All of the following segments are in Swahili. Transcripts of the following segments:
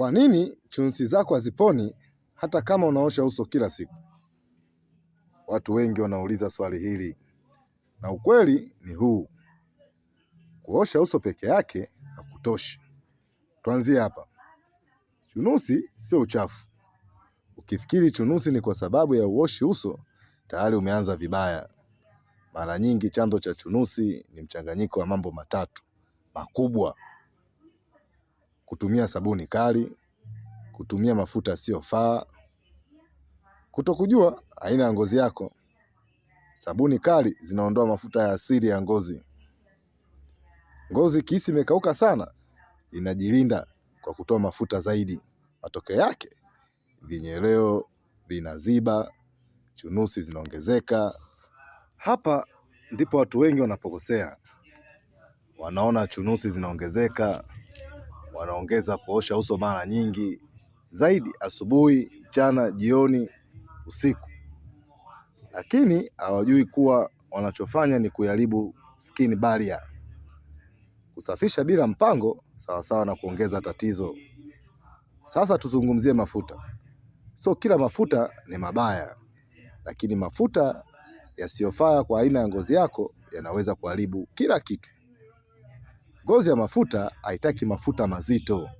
Kwa nini chunusi zako haziponi hata kama unaosha uso kila siku? Watu wengi wanauliza swali hili, na ukweli ni huu: kuosha uso peke yake hakutoshi. Tuanzie hapa. Chunusi sio uchafu. Ukifikiri chunusi ni kwa sababu ya uoshi uso, tayari umeanza vibaya. Mara nyingi chanzo cha chunusi ni mchanganyiko wa mambo matatu makubwa kutumia sabuni kali, kutumia mafuta yasiyofaa, kutokujua aina ya ngozi yako. Sabuni kali zinaondoa mafuta ya asili ya ngozi. Ngozi kihisi imekauka sana, inajilinda kwa kutoa mafuta zaidi. Matokeo yake vinyeleo vinaziba, chunusi zinaongezeka. Hapa ndipo watu wengi wanapokosea, wanaona chunusi zinaongezeka, wanaongeza kuosha uso mara nyingi zaidi asubuhi, mchana, jioni, usiku, lakini hawajui kuwa wanachofanya ni kuharibu skin barrier. Kusafisha bila mpango sawasawa na kuongeza tatizo. Sasa tuzungumzie mafuta. So kila mafuta ni mabaya, lakini mafuta yasiyofaa kwa aina ya ngozi yako yanaweza kuharibu kila kitu. Ngozi ya mafuta haitaki mafuta mazito.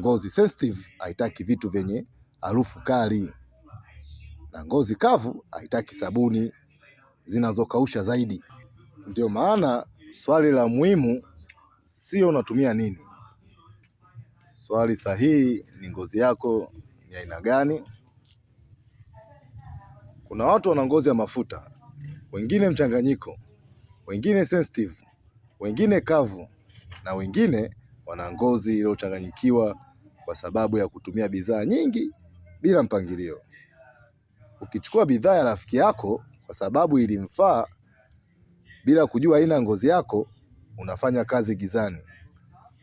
Ngozi sensitive haitaki vitu vyenye harufu kali, na ngozi kavu haitaki sabuni zinazokausha zaidi. Ndio maana swali la muhimu sio unatumia nini. Swali sahihi ni ngozi yako ni aina gani. Kuna watu wana ngozi ya mafuta, wengine mchanganyiko, wengine sensitive wengine kavu na wengine wana ngozi iliyochanganyikiwa kwa sababu ya kutumia bidhaa nyingi bila mpangilio. Ukichukua bidhaa ya rafiki yako kwa sababu ilimfaa bila kujua aina ya ngozi yako, unafanya kazi gizani.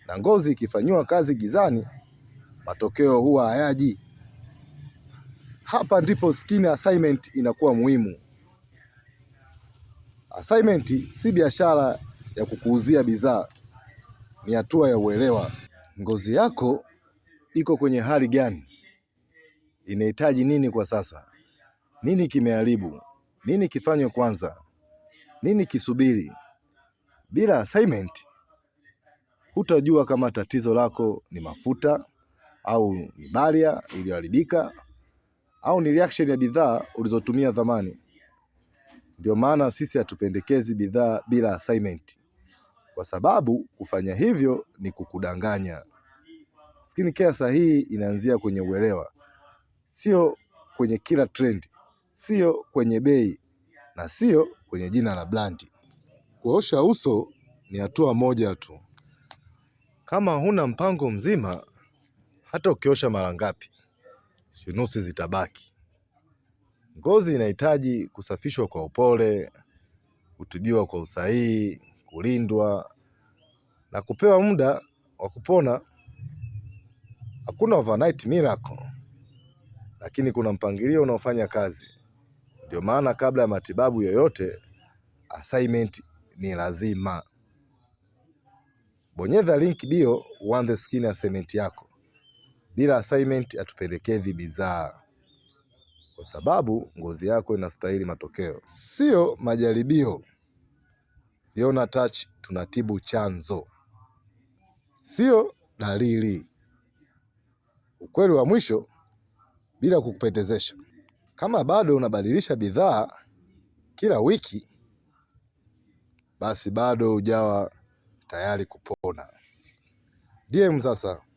Na ngozi ikifanyiwa kazi gizani, matokeo huwa hayaji. Hapa ndipo skin assignment inakuwa muhimu. Assignment si biashara ya kukuuzia bidhaa ni hatua ya uelewa. Ngozi yako iko kwenye hali gani? Inahitaji nini kwa sasa? Nini kimeharibu? Nini kifanywe kwanza? Nini kisubiri? Bila assignment hutajua kama tatizo lako ni mafuta au ni baria iliyoharibika au ni reaction ya bidhaa ulizotumia zamani. Ndio maana sisi hatupendekezi bidhaa bila assignment kwa sababu kufanya hivyo ni kukudanganya. Skin care sahihi inaanzia kwenye uelewa, sio kwenye kila trend, sio kwenye bei na sio kwenye jina la blandi. Kuosha uso ni hatua moja tu. Kama huna mpango mzima, hata ukiosha mara ngapi, chunusi zitabaki. Ngozi inahitaji kusafishwa kwa upole, kutibiwa kwa usahihi kulindwa na kupewa muda wa kupona. Hakuna overnight miracle, lakini kuna mpangilio unaofanya kazi. Ndio maana kabla ya matibabu yoyote, assignment ni lazima. Bonyeza link bio uanze skini assignment yako. Bila assignment hatupendekezi bidhaa, kwa sababu ngozi yako inastahili matokeo, sio majaribio. Yona Touch tunatibu chanzo, sio dalili. Ukweli wa mwisho bila kukupendezesha, kama bado unabadilisha bidhaa kila wiki, basi bado hujawa tayari kupona. DM sasa.